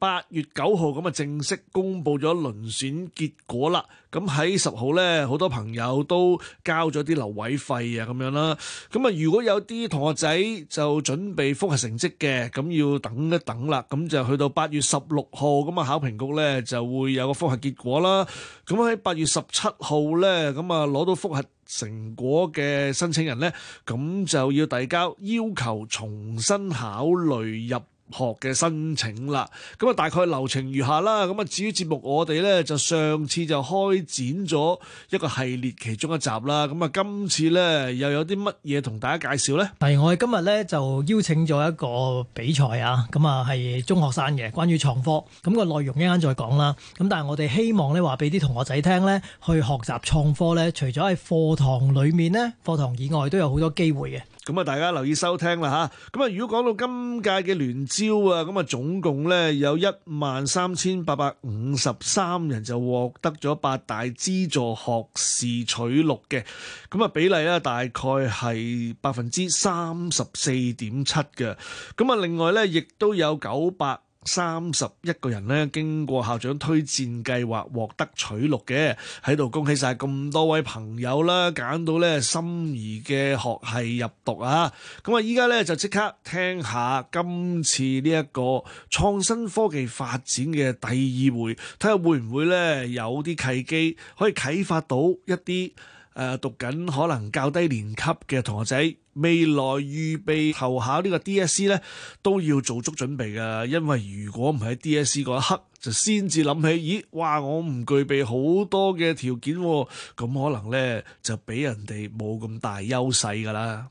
八月九號，咁啊，正式公布咗輪選結果啦。咁喺十號呢，好多朋友都交咗啲留位費啊，咁樣啦。咁啊，如果有啲同學仔就準備複核成績嘅，咁要等一等啦。咁就去到八月十六號，咁啊考評局呢就會有個複核結果啦。咁喺八月十七號呢，咁啊攞到複核成果嘅申請人呢，咁就要遞交要求重新考慮入學嘅申請啦，咁啊大概流程如下啦，咁啊至於節目我哋咧就上次就開展咗一個系列其中一集啦，咁啊今次咧又有啲乜嘢同大家介紹咧？係我哋今日咧就邀請咗一個比賽啊，咁啊係中學生嘅關於創科，咁個內容一陣間再講啦，咁但係我哋希望咧話俾啲同學仔聽咧，去學習創科咧，除咗喺課堂裏面咧，課堂以外都有好多機會嘅。咁啊，大家留意收聽啦吓。咁啊，如果講到今屆嘅聯招啊，咁啊，總共咧有一萬三千八百五十三人就獲得咗八大資助學士取錄嘅。咁啊，比例啊，大概係百分之三十四點七嘅。咁啊，另外咧，亦都有九百。三十一個人咧，經過校長推薦計劃獲得取錄嘅，喺度恭喜晒咁多位朋友啦，揀到咧心儀嘅學系入讀啊！咁啊，依家咧就即刻聽下今次呢一個創新科技發展嘅第二回，睇下會唔會咧有啲契機可以啟發到一啲誒、呃、讀緊可能較低年級嘅同學仔。未來預備候考個呢個 D.S.C. 咧，都要做足準備噶，因為如果唔喺 D.S.C. 嗰一刻就先至諗起，咦？哇！我唔具備好多嘅條件，啊，咁可能呢，就俾人哋冇咁大優勢噶啦。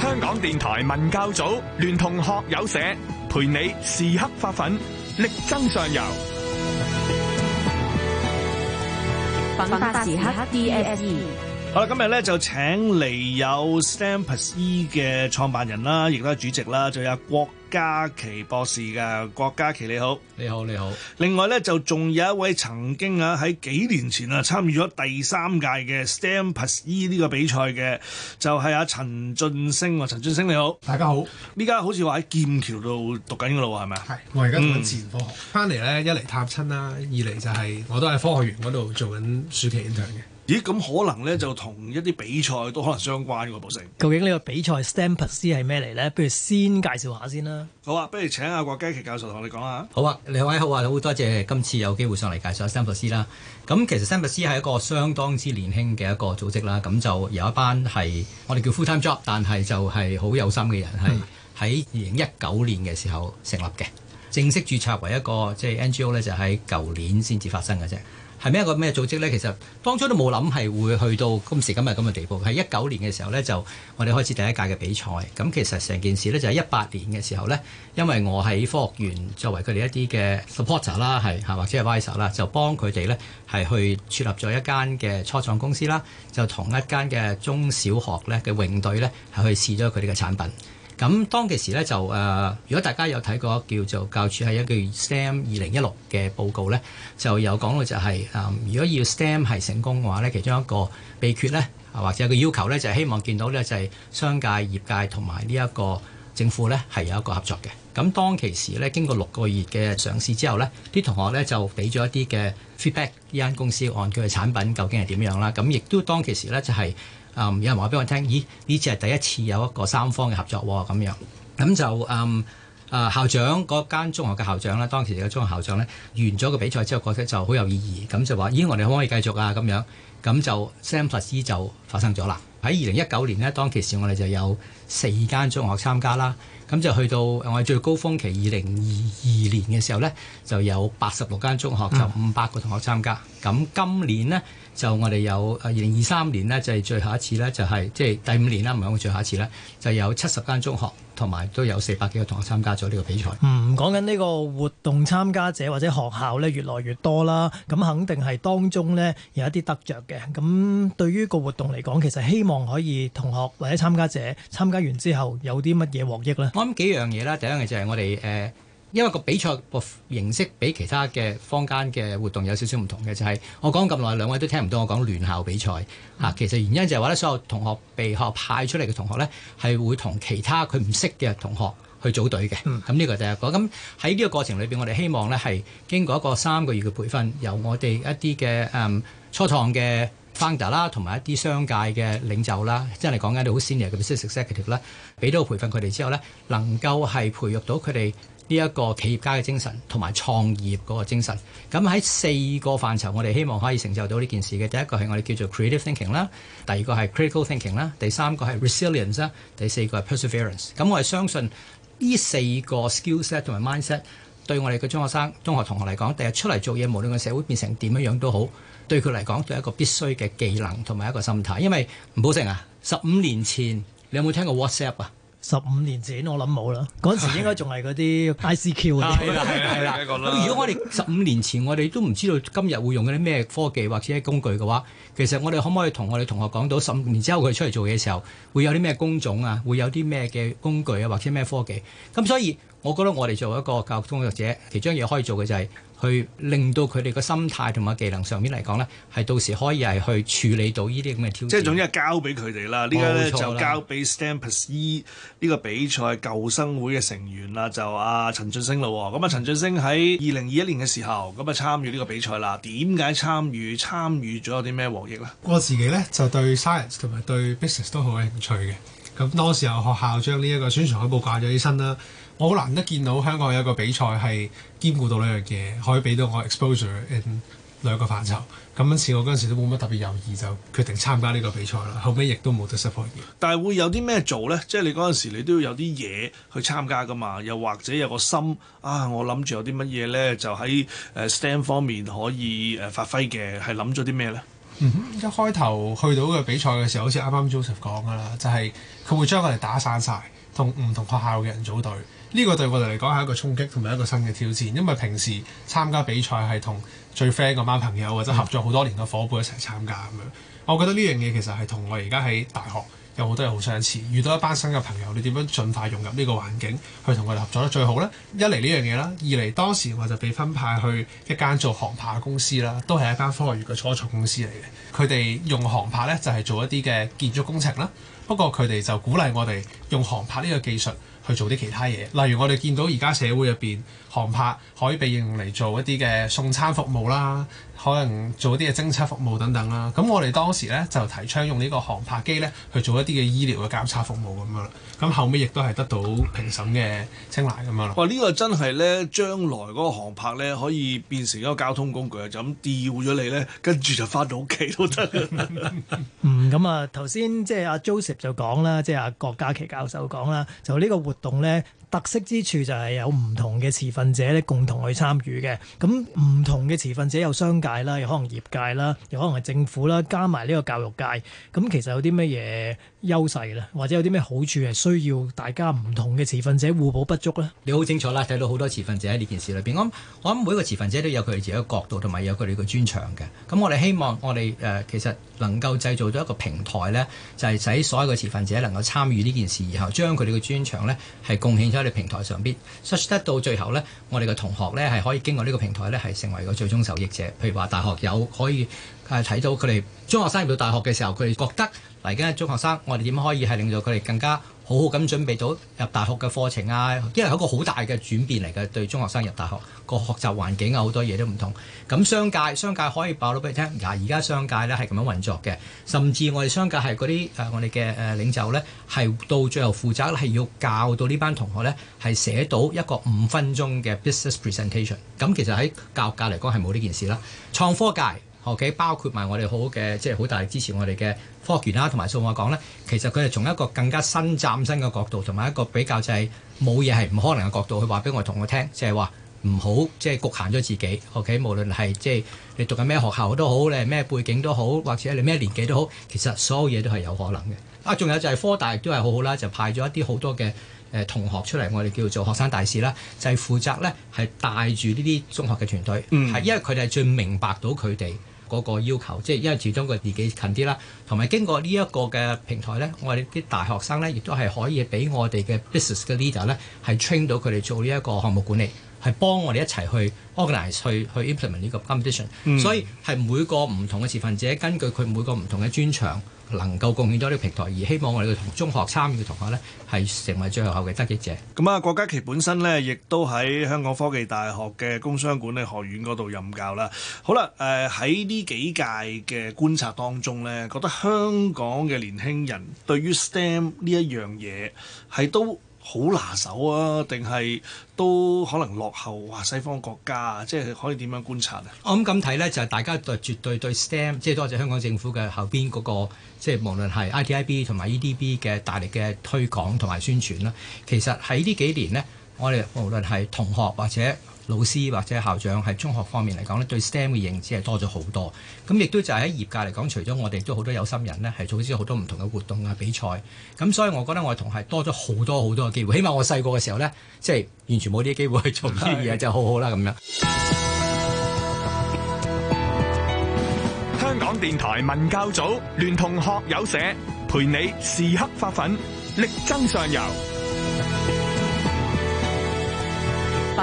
香港電台文教組聯同學友社，陪你時刻發奮，力爭上游。.粉發時刻 DSE，好啦，今日咧就請嚟有 STEM+E 嘅創辦人啦，亦都係主席啦，就有郭。嘉琪博士噶，郭嘉琪你，你好，你好你好。另外咧就仲有一位曾經啊喺幾年前啊參與咗第三屆嘅 STEM E 呢個比賽嘅，就係阿陳俊升，陳俊升你好，大家好。呢家好似話喺劍橋度讀緊嘅路係咪係？我而家讀緊自然科學。翻嚟，咧，一嚟探親啦，二嚟就係我都喺科學園嗰度做緊暑期演 n 嘅。嗯咦，咁可能咧就同一啲比賽都可能相關喎，啊，保成。究竟呢個比賽 STEM+E 係咩嚟咧？不如先介紹下先啦。好啊，不如請阿郭家麒教授同我哋講下。好啊，兩位好啊，好多謝今次有機會上嚟介紹下 STEM+E 啦。咁其實 STEM+E 係一個相當之年輕嘅一個組織啦。咁就有一班係我哋叫 full time job，但係就係好有心嘅人，係喺二零一九年嘅時候成立嘅，正式註冊為一個即係 NGO 咧，就喺、是、舊年先至發生嘅啫。係咩一個咩組織呢？其實當初都冇諗係會去到今時今日咁嘅地步。喺一九年嘅時候呢，就我哋開始第一屆嘅比賽。咁其實成件事呢，就喺一八年嘅時候呢，因為我喺科學園作為佢哋一啲嘅 supporter 啦，係嚇或者係 advisor 啦，就幫佢哋呢，係去設立咗一間嘅初創公司啦。就同一間嘅中小學呢嘅泳隊呢，係去試咗佢哋嘅產品。咁當其時咧就誒、呃，如果大家有睇過叫做教署係一個 STEM 二零一六嘅報告咧，就有講到就係、是呃，如果要 STEM 係成功嘅話咧，其中一個秘訣咧，或者一個要求咧，就係、是、希望見到咧就係、是、商界、業界同埋呢一個政府咧係有一個合作嘅。咁當其時咧，經過六個月嘅上市之後咧，啲同學咧就俾咗一啲嘅 feedback，呢間公司按佢嘅產品究竟係點樣啦。咁亦都當其時咧就係、是。嗯，有人話俾我聽，咦？呢次係第一次有一個三方嘅合作喎、哦，咁樣咁就嗯誒、呃、校長嗰間中學嘅校長咧，當時嘅中學校長呢，完咗個比賽之後覺得就好有意義，咁就話咦，我哋可唔可以繼續啊？咁樣咁就 STEM+E 就發生咗啦。喺二零一九年呢，當其時我哋就有四間中學參加啦，咁就去到我哋最高峰期二零二二年嘅時候呢，就有八十六間中學就五百個同學參加。咁今年呢。就我哋有二零二三年呢，就係最後一次呢、就係，就係即係第五年啦，唔係我最後一次呢，就有七十間中學同埋都有四百幾個同學參加咗呢個比賽。嗯，講緊呢個活動參加者或者學校呢，越來越多啦，咁肯定係當中呢有一啲得着嘅。咁對於個活動嚟講，其實希望可以同學或者參加者參加完之後有啲乜嘢獲益呢？我諗幾樣嘢啦，第一樣嘢就係我哋誒。呃因為個比賽個形式比其他嘅坊間嘅活動有少少唔同嘅，就係我講咁耐，兩位都聽唔到我講聯校比賽嚇。嗯、其實原因就係話咧，所有同學被學派出嚟嘅同學咧，係會同其他佢唔識嘅同學去組隊嘅。咁呢個第一個咁喺呢個過程裏邊，我哋希望咧係經過一個三個月嘅培訓，由我哋一啲嘅嗯初創嘅 founder 啦，同埋一啲商界嘅領袖啦，真係講緊啲好 senior 嘅 business executive 啦，俾到培訓佢哋之後咧，能夠係培育到佢哋。呢一個企業家嘅精神同埋創業嗰個精神，咁喺四個範疇，我哋希望可以成就到呢件事嘅。第一個係我哋叫做 creative thinking 啦，第二個係 critical thinking 啦，第三個係 resilience 啦，第四個係 perseverance。咁我係相信呢四個 skill set 同埋 mindset 對我哋嘅中學生、中學同學嚟講，第日出嚟做嘢，無論個社會變成點樣樣都好，對佢嚟講，都係一個必須嘅技能同埋一個心態。因為唔保證啊，十五年前你有冇聽過 WhatsApp 啊？十五年前我諗冇啦，嗰時應該仲係嗰啲 ICQ 啊。係啦，咁如果我哋十五年前我哋都唔知道今日會用嗰啲咩科技或者工具嘅話，其實我哋可唔可以同我哋同學講到十五年之後佢出嚟做嘢嘅時候會有啲咩工種啊，會有啲咩嘅工具啊或者咩科技？咁所以我覺得我哋作為一個教育工作者，其中一嘢可以做嘅就係、是。去令到佢哋個心態同埋技能上面嚟講呢，係到時可以係去處理到呢啲咁嘅挑戰。即係總之係交俾佢哋啦，呢家就交俾 STEM+E 呢個比賽舊生會嘅成員啦，啊，就阿陳雋昇啦。咁啊，陳雋昇喺二零二一年嘅時候咁啊參與呢個比賽啦。點解參與？參與咗有啲咩獲益呢？我自己呢，就對 science 同埋對 business 都好有興趣嘅。咁多時候學校將呢一個宣傳海報掛咗起身啦，我好難得見到香港有一個比賽係兼顧到呢樣嘢，可以俾到我 exposure in 兩個範疇。咁樣似我嗰陣時都冇乜特別有豫，就決定參加呢個比賽啦。後尾亦都冇得失 u 嘅。但係會有啲咩做呢？即係你嗰陣時你都要有啲嘢去參加噶嘛？又或者有個心啊？我諗住有啲乜嘢呢，就喺誒 stand 方面可以誒發揮嘅，係諗咗啲咩呢？Mm hmm. 一開頭去到嘅比賽嘅時候，好似啱啱 Joseph 講㗎啦，就係、是、佢會將我哋打散晒，同唔同學校嘅人組隊。呢、這個對我哋嚟講係一個衝擊同埋一個新嘅挑戰，因為平時參加比賽係同最 friend 嗰班朋友或者合作好多年嘅伙伴一齊參加咁樣。Mm hmm. 我覺得呢樣嘢其實係同我而家喺大學，有好多嘢好相似，遇到一班新嘅朋友，你點樣盡快融入呢個環境，去同佢哋合作得最好呢？一嚟呢樣嘢啦，二嚟當時我就被分派去一間做航拍嘅公司啦，都係一間科學園嘅初創公司嚟嘅。佢哋用航拍呢，就係做一啲嘅建築工程啦，不過佢哋就鼓勵我哋用航拍呢個技術去做啲其他嘢，例如我哋見到而家社會入邊，航拍可以被應用嚟做一啲嘅送餐服務啦，可能做一啲嘅偵測服務等等啦。咁我哋當時咧就提倡用呢個航拍機咧去做一啲嘅醫療嘅檢測服務咁樣啦。咁後尾亦都係得到評審嘅稱讚咁樣啦。哇！呢、這個真係咧，將來嗰個航拍咧可以變成一個交通工具啊！就咁吊咗你咧，跟住就翻到屋企都得。嗯，咁、嗯嗯嗯嗯嗯嗯、啊，頭先即係阿 Joseph 就講啦，即係阿、啊、郭家麒教授講啦，就呢個活動咧。特色之處就係有唔同嘅持份者咧共同去參與嘅，咁唔同嘅持份者有商界啦，有可能業界啦，有可能係政府啦，加埋呢個教育界。咁其實有啲乜嘢優勢咧，或者有啲咩好處係需要大家唔同嘅持份者互補不足咧？你好清楚啦，睇到好多持份者喺呢件事裏邊。我諗我諗每一個持份者都有佢哋自己嘅角度，同埋有佢哋嘅專長嘅。咁我哋希望我哋誒、呃、其實能夠製造到一個平台咧，就係、是、使所有嘅持份者能夠參與呢件事，然後將佢哋嘅專長咧係貢獻出。喺你平台上邊 search 得到最後咧，我哋嘅同學咧係可以經過呢個平台咧係成為一個最終受益者。譬如話大學有可以誒睇到佢哋中學生入到大學嘅時候，佢哋覺得。嗱，而家係中學生，我哋點可以係令到佢哋更加好好咁準備到入大學嘅課程啊？因為係一個好大嘅轉變嚟嘅，對中學生入大學個學習環境啊，好多嘢都唔同。咁商界，商界可以爆料俾你聽。嗱，而家商界咧係咁樣運作嘅，甚至我哋商界係嗰啲誒我哋嘅誒領袖咧，係到最後負責咧，係要教到呢班同學咧係寫到一個五分鐘嘅 business presentation。咁其實喺教界嚟講係冇呢件事啦。創科界。學嘅、okay? 包括埋我哋好嘅，即係好大力支持我哋嘅科學員啦，同埋數學講咧，其實佢哋從一個更加新、嶄新嘅角度，同埋一個比較就係冇嘢係唔可能嘅角度去話俾我哋同學聽，就是、即係話唔好即係局限咗自己。學、okay? 嘅無論係即係你讀緊咩學校都好，你係咩背景都好，或者你咩年紀都好，其實所有嘢都係有可能嘅。啊，仲有就係科大亦都係好好啦，就派咗一啲好多嘅誒同學出嚟，我哋叫做學生大使啦，就係、是、負責咧係帶住呢啲中學嘅團隊，係、嗯、因為佢哋係最明白到佢哋。嗰個要求，即係因為始終佢自己近啲啦，同埋經過呢一個嘅平台呢，我哋啲大學生呢，亦都係可以俾我哋嘅 business 嘅 leader 呢，係 train 到佢哋做呢一個項目管理。係幫我哋一齊去 organize 去去 implement 呢個 competition，所以係每個唔同嘅持份者根據佢每個唔同嘅專長，能夠貢獻咗呢個平台，而希望我哋嘅同學參與嘅同學呢，係成為最後嘅得益者。咁啊、嗯嗯，郭家麒本身呢，亦都喺香港科技大學嘅工商管理學院嗰度任教啦。好啦，誒喺呢幾屆嘅觀察當中呢，覺得香港嘅年輕人對於 STEM 呢一樣嘢係都。好拿手啊？定係都可能落後哇？西方國家即係可以點樣觀察咧、啊？我諗咁睇呢，就係、是、大家對絕對對 STEM，即係多謝香港政府嘅後邊嗰、那個，即、就、係、是、無論係 ITIB 同埋 EDB 嘅大力嘅推廣同埋宣傳啦。其實喺呢幾年呢，我哋無論係同學或者。老師或者校長喺中學方面嚟講咧，對 STEM 嘅認知係多咗好多。咁亦都就係喺業界嚟講，除咗我哋都好多有心人咧，係組織好多唔同嘅活動啊、比賽。咁所以我覺得我嘅同學多咗好多好多嘅機會。起碼我細個嘅時候咧，即係完全冇啲機會去做呢啲嘢，的就好好啦咁樣。香港電台文教組聯同學友社，陪你時刻發奮，力爭上游。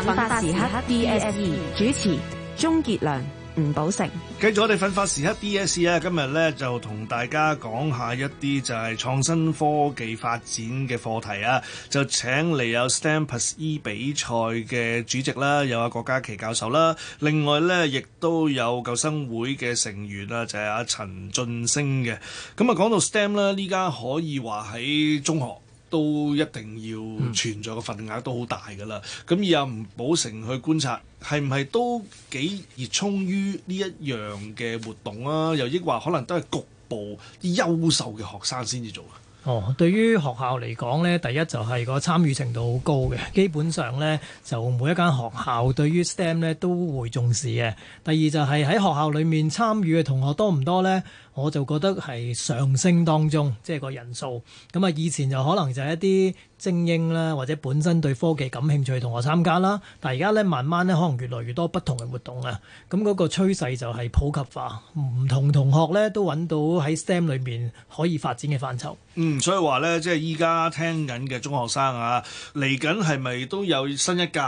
奮發時刻 DSE 主持鍾杰良、吳寶成，繼續我哋奮發時刻 DSE 咧、啊，今日咧就同大家講一下一啲就係創新科技發展嘅課題啊，就請嚟有 STEM Plus E 比賽嘅主席啦，有阿郭家麒教授啦，另外咧亦都有舊生會嘅成員啊，就係、是、阿、啊、陳雋昇嘅，咁啊講到 STEM 啦，呢家可以話喺中學。都一定要存在嘅份額都好大㗎啦，咁而阿唔寶成去觀察係唔係都幾熱衷於呢一樣嘅活動啊？又抑或可能都係局部啲優秀嘅學生先至做啊？哦，對於學校嚟講呢，第一就係個參與程度好高嘅，基本上呢就每一間學校對於 STEM 呢都會重視嘅。第二就係喺學校裡面參與嘅同學多唔多呢？我就覺得係上升當中，即係個人數。咁啊，以前就可能就係一啲精英啦，或者本身對科技感興趣嘅同學參加啦。但係而家咧，慢慢咧，可能越來越多不同嘅活動啊。咁、那、嗰個趨勢就係普及化，唔同同學咧都揾到喺 STEM 裏面可以發展嘅範疇。嗯，所以話咧，即係依家聽緊嘅中學生啊，嚟緊係咪都有新一屆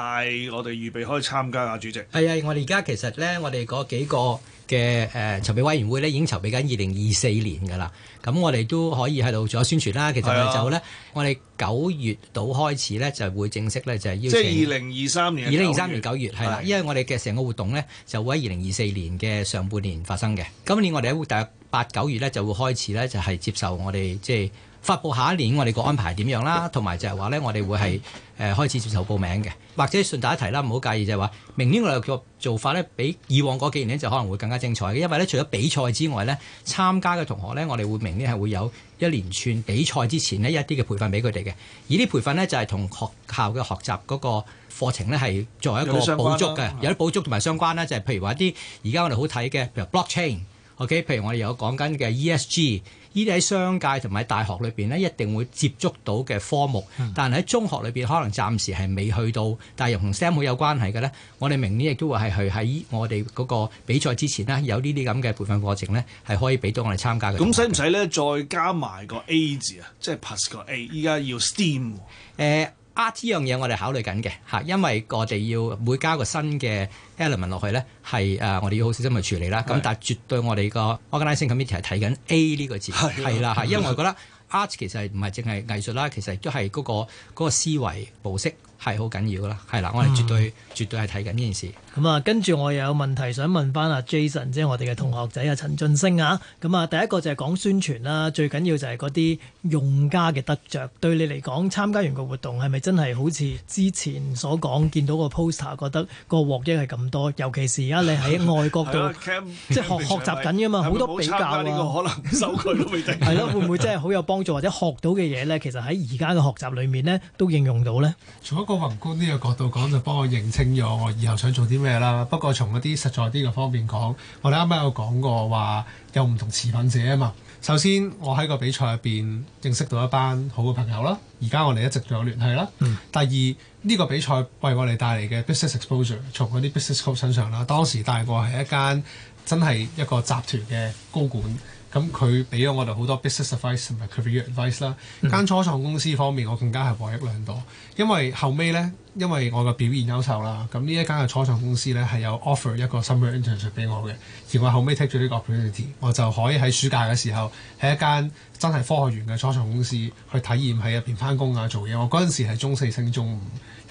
我哋預備可以參加啊？主席係啊，我哋而家其實咧，我哋嗰幾個。嘅誒、呃、籌備委員會咧已經籌備緊二零二四年㗎喇，咁我哋都可以喺度做咗宣傳啦。其實呢的就咧，我哋九月度開始咧就會正式咧就係、是、邀請，即係二零二三年，二零二三年九月係啦，的因為我哋嘅成個活動咧就會喺二零二四年嘅上半年發生嘅。今年我哋喺大概八九月咧就會開始咧就係、是、接受我哋即係。就是發佈下一年我哋個安排點樣啦，同埋就係話咧，我哋會係誒開始接受報名嘅，或者順帶一提啦，唔好介意就係話，明年我哋個做法咧，比以往嗰幾年呢，就可能會更加精彩嘅，因為咧除咗比賽之外咧，參加嘅同學咧，我哋會明年係會有一連串比賽之前呢一啲嘅培訓俾佢哋嘅。而啲培訓呢，就係同學校嘅學習嗰個課程呢，係作為一個補足嘅，有啲補足同埋相關啦，就係、是、譬如話一啲而家我哋好睇嘅，譬如 blockchain，OK，okay？譬如我哋有講緊嘅 ESG。呢啲喺商界同埋大學裏邊咧，一定會接觸到嘅科目，但係喺中學裏邊可能暫時係未去到，但係又同 STEM 有關係嘅咧，我哋明年亦都會係去喺我哋嗰個比賽之前這些這些，嗯、呢，有呢啲咁嘅培訓課程呢，係可以俾到我哋參加嘅。咁使唔使咧再加埋個 A 字啊？即係 pass 個 A，依家要 STEAM。誒、嗯。嗯嗯嗯 Art 呢樣嘢我哋考慮緊嘅嚇，因為我哋要每加個新嘅 element 落去咧，係誒我哋要好小心去處理啦。咁的但係絕對我哋個 organizing committee 係睇緊 A 呢個字，係啦嚇，因為我覺得 art 其實唔係淨係藝術啦，其實都係嗰個思維模式係好緊要噶啦，係啦，我哋絕對、嗯、絕對係睇緊呢件事。咁啊、嗯，跟住我又有問題想問翻阿 Jason，即係我哋嘅同學仔晉啊，陳雋昇啊。咁啊，第一個就係講宣傳啦，最緊要就係嗰啲。用家嘅得着，對你嚟講參加完個活動係咪真係好似之前所講見到個 poster，覺得個獲益係咁多？尤其是而家你喺外國度， 即係學學習緊噶嘛，好 多比較啊。呢 個可能手腳都未定，係咯， 會唔會真係好有幫助，或者學到嘅嘢呢，其實喺而家嘅學習裡面呢，都應用到呢。從一個宏觀呢個角度講，就幫我認清咗我以後想做啲咩啦。不過從嗰啲實在啲嘅方面講，我哋啱啱有講過話有唔同持份者啊嘛。首先，我喺個比賽入邊認識到一班好嘅朋友啦，而家我哋一直仲有聯繫啦。嗯、第二，呢、這個比賽為我哋帶嚟嘅 business exposure，從嗰啲 business coach 身上啦，當時帶過係一間真係一個集團嘅高管，咁佢俾咗我哋好多 business advice 同埋 career advice 啦。間初創公司方面，我更加係獲益良多，因為後尾呢。因為我嘅表現優秀啦，咁呢一間嘅初創公司呢，係有 offer 一個 summer internship 俾我嘅，而我後尾 take 咗呢個 opportunity，我就可以喺暑假嘅時候喺一間真係科學園嘅初創公司去體驗喺入邊翻工啊，做嘢。我嗰陣時係中四升中五，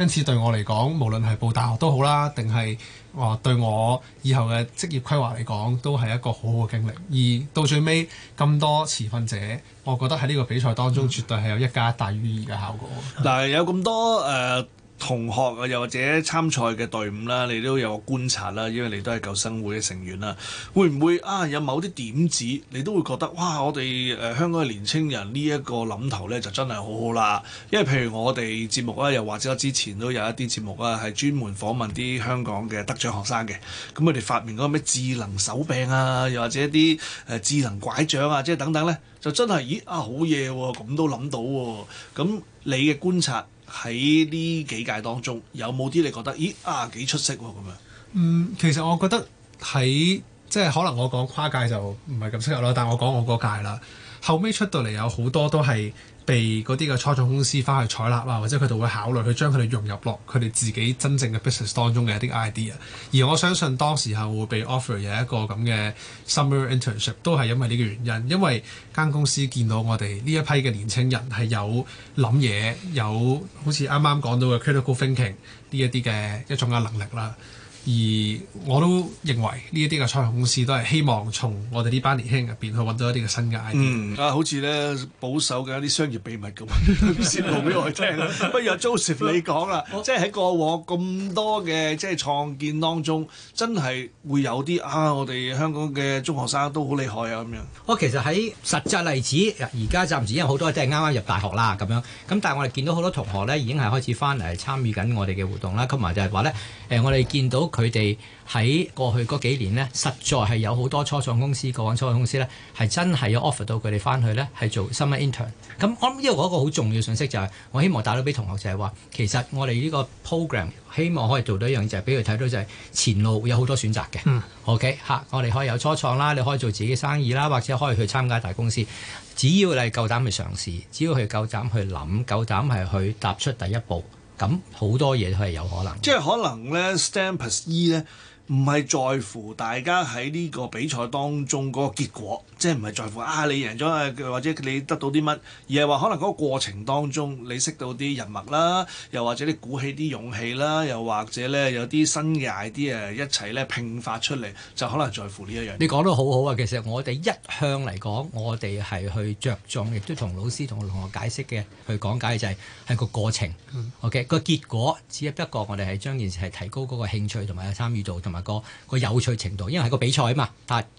因此對我嚟講，無論係報大學都好啦，定係話對我以後嘅職業規劃嚟講，都係一個好好嘅經歷。而到最尾咁多持份者，我覺得喺呢個比賽當中，嗯、絕對係有一加一大於二嘅效果。但嗱，有咁多誒。同學啊，又或者參賽嘅隊伍啦，你都有個觀察啦，因為你都係舊生會嘅成員啦，會唔會啊有某啲點子，你都會覺得哇，我哋誒香港嘅年青人呢一個諗頭呢就真係好好啦，因為譬如我哋節目啦，又或者我之前都有一啲節目啊，係專門訪問啲香港嘅得獎學生嘅，咁佢哋發明嗰個咩智能手柄啊，又或者啲誒智能拐杖啊，即係等等呢，就真係咦啊好嘢喎，咁都諗到喎、啊，咁你嘅觀察？喺呢幾屆當中，有冇啲你覺得，咦啊幾出色喎、啊、咁樣？嗯，其實我覺得喺即係可能我講跨界就唔係咁適合啦，但我講我嗰屆啦。後尾出到嚟有好多都係被嗰啲嘅初創公司翻去採納啦，或者佢哋會考慮去將佢哋融入落佢哋自己真正嘅 business 當中嘅一啲 idea。而我相信當時候會被 offer 有一個咁嘅 summer internship 都係因為呢個原因，因為間公司見到我哋呢一批嘅年輕人係有諗嘢，有好似啱啱講到嘅 critical thinking 呢一啲嘅一種嘅能力啦。而我都認為呢一啲嘅創業公司都係希望從我哋呢班年輕人入邊去揾到一啲嘅新界。i 啊、嗯，好似咧保守嘅一啲商業秘密咁，先講俾我聽。不 如阿 Joseph 你講啦， 即係喺過往咁多嘅即係創建當中，真係會有啲啊，我哋香港嘅中學生都好厲害啊咁樣。我其實喺實際例子，而家暫時因為好多都係啱啱入大學啦咁樣，咁但係我哋見到好多同學咧已經係開始翻嚟參與緊我哋嘅活動啦，咁埋就係話咧，誒、呃、我哋見到。佢哋喺過去嗰幾年呢，實在係有好多初創公司、過往初創公司呢，係真係有 offer 到佢哋翻去呢，係做 summer intern。咁我諗呢個係一個好重要信息，就是，就係我希望打到俾同學就，就係話其實我哋呢個 program 希望可以做到一樣，就係俾佢睇到就係前路有好多選擇嘅。嗯、OK 嚇、啊，我哋可以有初創啦，你可以做自己生意啦，或者可以去參加大公司。只要你夠膽去嘗試，只要佢夠膽去諗，夠膽係去踏出第一步。咁好多嘢都係有可能，即係可能咧，STEM+E 咧。唔係在乎大家喺呢個比賽當中嗰個結果，即係唔係在乎啊你贏咗啊，或者你得到啲乜，而係話可能嗰個過程當中，你識到啲人脈啦，又或者你鼓起啲勇氣啦，又或者咧有啲新嘅 idea 一齊咧迸發出嚟，就可能在乎呢一樣。你講得好好啊！其實我哋一向嚟講，我哋係去着重亦都同老師同同學解釋嘅，去講解就係、係、係個過程。嗯、O.K. 個結果只不過我哋係將件事係提高嗰個興趣同埋參與度同埋。個，個有趣程度。因為係個比賽啊嘛，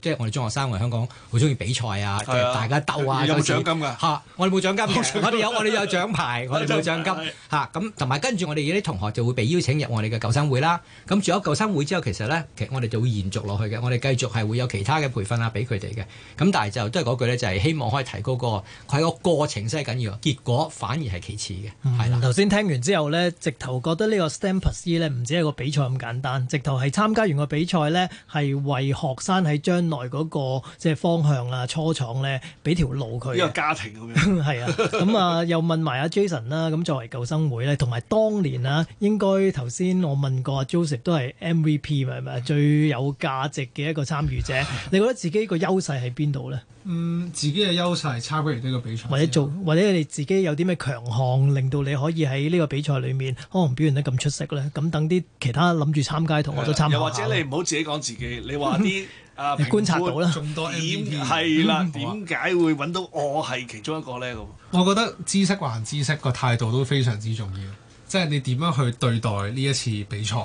即係我哋中學生，我哋香港好中意比賽啊，大家鬥啊，有冇獎金噶？吓，我哋冇獎金， 我哋有，我哋有獎牌， 我哋冇獎金。吓 的，咁同埋跟住我哋啲同學就會被邀請入我哋嘅舊生會啦。咁住咗舊生會之後，其實呢，其實我哋就會延續落去嘅。我哋繼續係會有其他嘅培訓啊，俾佢哋嘅。咁但係就都係嗰句呢，就係希望可以提高個，係個過程先係緊要，結果反而係其次嘅。係啦，頭先、嗯、聽完之後呢，直頭覺得呢個 STEM+E 咧、e、唔止係個比賽咁簡單，直頭係參加。全個比賽咧係為學生喺將來嗰個即係方向啊，初創咧，俾條路佢。一個家庭咁樣。係 啊，咁啊又問埋阿 Jason 啦。咁作為舊生會咧，同埋當年啊，應該頭先我問過阿 Joseph 都係 MVP 咪咪最有價值嘅一個參與者。你覺得自己個優勢喺邊度咧？嗯，自己嘅優勢差唔多，而呢個比賽或者做，或者你自己有啲咩強項，令到你可以喺呢個比賽裡面可能表現得咁出色咧。咁等啲其他諗住參加同學都參考、嗯、又或者你唔好自己講自己，你話啲、嗯、啊，你觀察到啦，多 T，點係啦？點解、嗯、會揾到我係其中一個咧？我覺得知識還知識，個態度都非常之重要。即係你點樣去對待呢一次比賽，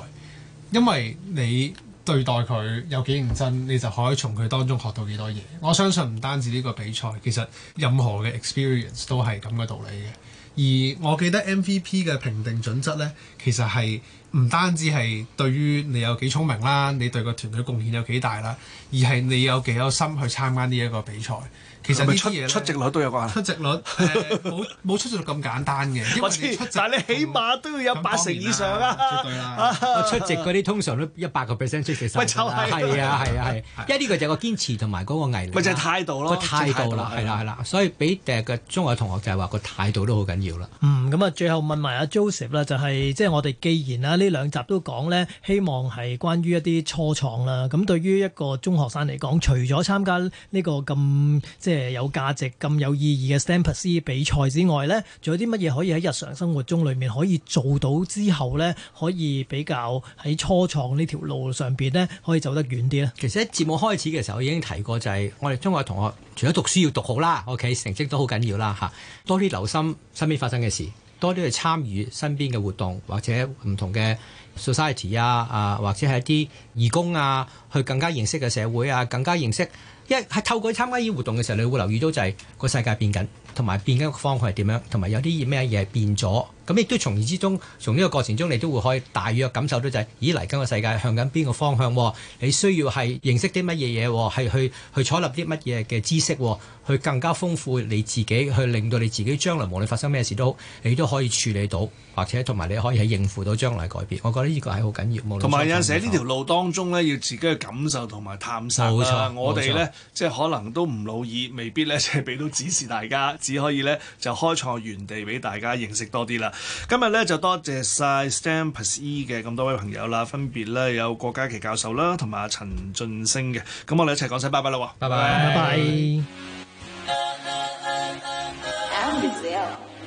因為你。對待佢有幾認真，你就可以從佢當中學到幾多嘢。我相信唔單止呢個比賽，其實任何嘅 experience 都係咁嘅道理嘅。而我記得 MVP 嘅評定準則呢，其實係唔單止係對於你有幾聰明啦，你對個團隊貢獻有幾大啦，而係你有幾有心去參加呢一個比賽。其實出出席率都有個，出席率冇冇出席率咁簡單嘅。我知，但你起碼都要有八成以上啊！絕對啦，出席嗰啲通常都一百個 percent 出席。咪就係係啊，係啊，係，因為呢個就係個堅持同埋嗰個毅力。咪就係態度咯，個態度啦，係啦係啦。所以俾誒個中學同學就係話個態度都好緊要啦。咁啊，最後問埋阿 Joseph 啦，就係即係我哋既然啦呢兩集都講咧，希望係關於一啲初創啦。咁對於一個中學生嚟講，除咗參加呢個咁即係。嘅、呃、有價值咁，有意義嘅 STEM+E 比賽之外呢，仲有啲乜嘢可以喺日常生活中裏面可以做到之後呢，可以比較喺初創呢條路上邊呢，可以走得遠啲咧？其實喺節目開始嘅時候已經提過、就是，就係我哋中國嘅同學，除咗讀書要讀好啦，我、okay? 哋成績都好緊要啦嚇，多啲留心身邊發生嘅事，多啲去參與身邊嘅活動，或者唔同嘅 society 啊啊，或者係一啲義工啊，去更加認識嘅社會啊，更加認識。因為係透過參加呢啲活動嘅時候，你會留意到就係個世界變緊，同埋變緊嘅方向係點樣，同埋有啲咩嘢係變咗。咁亦都從而之中，從呢個過程中，你都會可以大約感受到就係、是，咦嚟緊個世界向緊邊個方向？你需要係認識啲乜嘢嘢，係去去採納啲乜嘢嘅知識，去更加豐富你自己，去令到你自己將來無論發生咩事都好，你都可以處理到。或者同埋你可以喺應付到將來改變，我覺得呢個係好緊要。同埋有陣時喺呢條路當中咧，要自己嘅感受同埋探索啊！冇錯我哋咧，冇錯即係可能都唔老意，未必咧，即係俾到指示大家，只可以咧就開創原地俾大家認識多啲啦。今日咧就多謝晒 STEM+E 嘅咁多位朋友啦，分別咧有郭家麒教授啦，同埋陳雋昇嘅。咁我哋一齊講聲拜拜啦！喎，拜拜，拜拜。拜拜。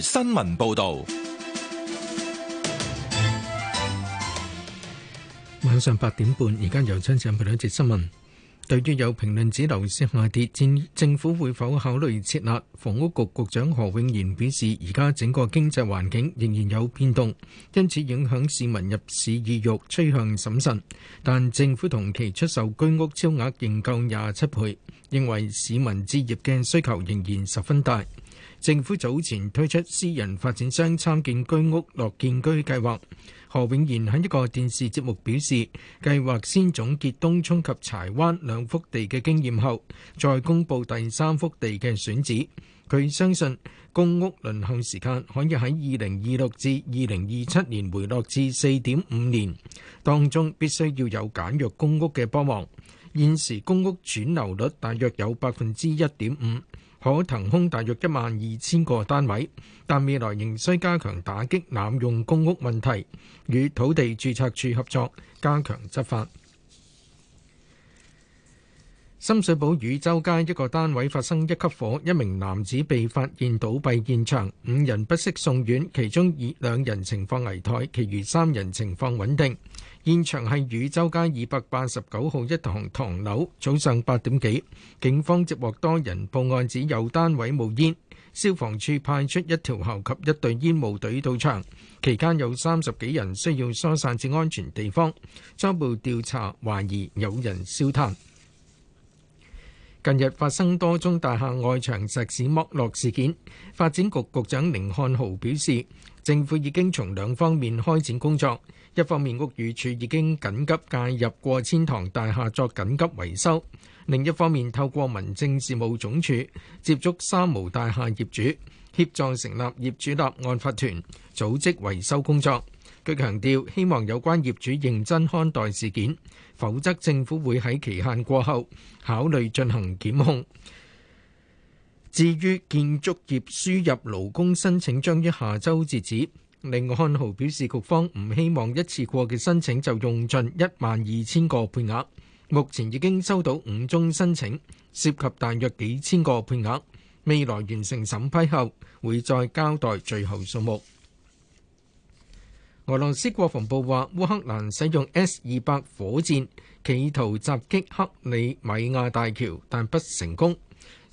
新聞報道，晚上八點半，而家由張子文報道一節新聞。對於有評論指樓市下跌，政政府會否考慮設立房屋局局長何永賢表示，而家整個經濟環境仍然有變動，因此影響市民入市意欲，趨向審慎。但政府同期出售居屋超額認購廿七倍，認為市民置業嘅需求仍然十分大。政府早前推出私人發展商參建居屋落建居計劃。何永賢喺一個電視節目表示，計劃先總結東涌及柴灣兩幅地嘅經驗後，再公布第三幅地嘅選址。佢相信公屋輪候時間可以喺二零二六至二零二七年回落至四點五年，當中必須要有簡約公屋嘅幫忙。現時公屋轉流率大約有百分之一點五。可騰空大約一萬二千個單位，但未來仍需加強打擊濫用公屋問題，與土地註冊處合作加強執法。深水埗汝州街一個單位發生一級火，一名男子被發現倒斃現場，五人不適送院，其中兩人情況危殆，其餘三人情況穩定。現場係宇宙街二百八十九號一幢唐樓，早上八點幾，警方接獲多人報案指有單位冒煙，消防處派出一條喉及一隊煙霧隊到場，期間有三十幾人需要疏散至安全地方，初步調查懷疑有人燒炭。近日發生多宗大廈外牆石屎剝落事件，發展局局長甯漢豪表示，政府已經從兩方面開展工作。一方面，屋宇署已經緊急介入過千堂大廈作緊急維修；另一方面，透過民政事務總署接觸三無大廈業主，協助成立業主立案法團，組織維修工作。佢強調，希望有關業主認真看待事件，否則政府會喺期限過後考慮進行檢控。至於建築業輸入勞工申請，將於下周截止。另外，豪表示，局方唔希望一次過嘅申請就用盡一萬二千個配額。目前已經收到五宗申請，涉及大約幾千個配額。未來完成審批後，會再交代最後數目。俄羅斯國防部話，烏克蘭使用 S 二百火箭，企圖襲擊克里米亞大橋，但不成功。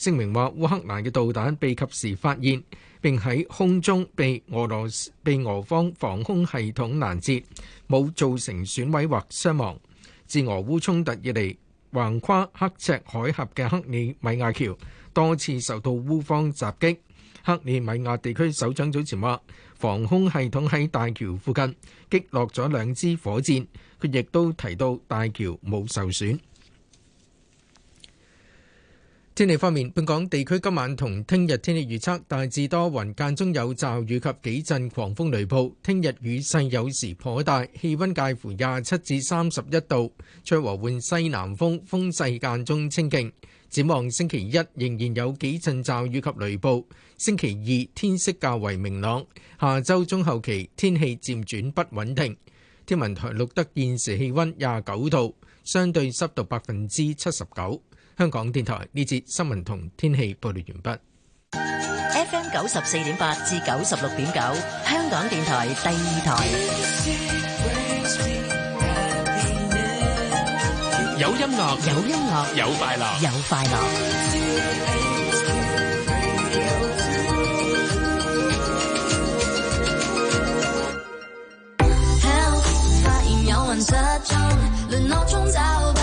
聲明話：烏克蘭嘅導彈被及時發現，並喺空中被俄羅斯被俄方防空系統攔截，冇造成損毀或傷亡。自俄烏衝突以嚟，橫跨刻赤海峽嘅克里米亞橋多次受到烏方襲擊。克里米亞地區首長早前話，防空系統喺大橋附近擊落咗兩支火箭，佢亦都提到大橋冇受損。天氣方面，本港地區今晚同聽日天氣預測大致多雲，間中有驟雨及幾陣狂風雷暴。聽日雨勢有時頗大，氣溫介乎廿七至三十一度，吹和緩西南風，風勢間中清勁。展望星期一仍然有幾陣驟雨及雷暴，星期二天色較為明朗。下周中後期天氣漸轉不穩定。天文台錄得現時氣溫廿九度，相對濕度百分之七十九。香港電台呢節新聞同天氣報道完畢。FM 九十四點八至九十六點九，香港電台第二台。有音樂，有音樂，有快樂，有快樂。發現有雲失蹤，亂我中走。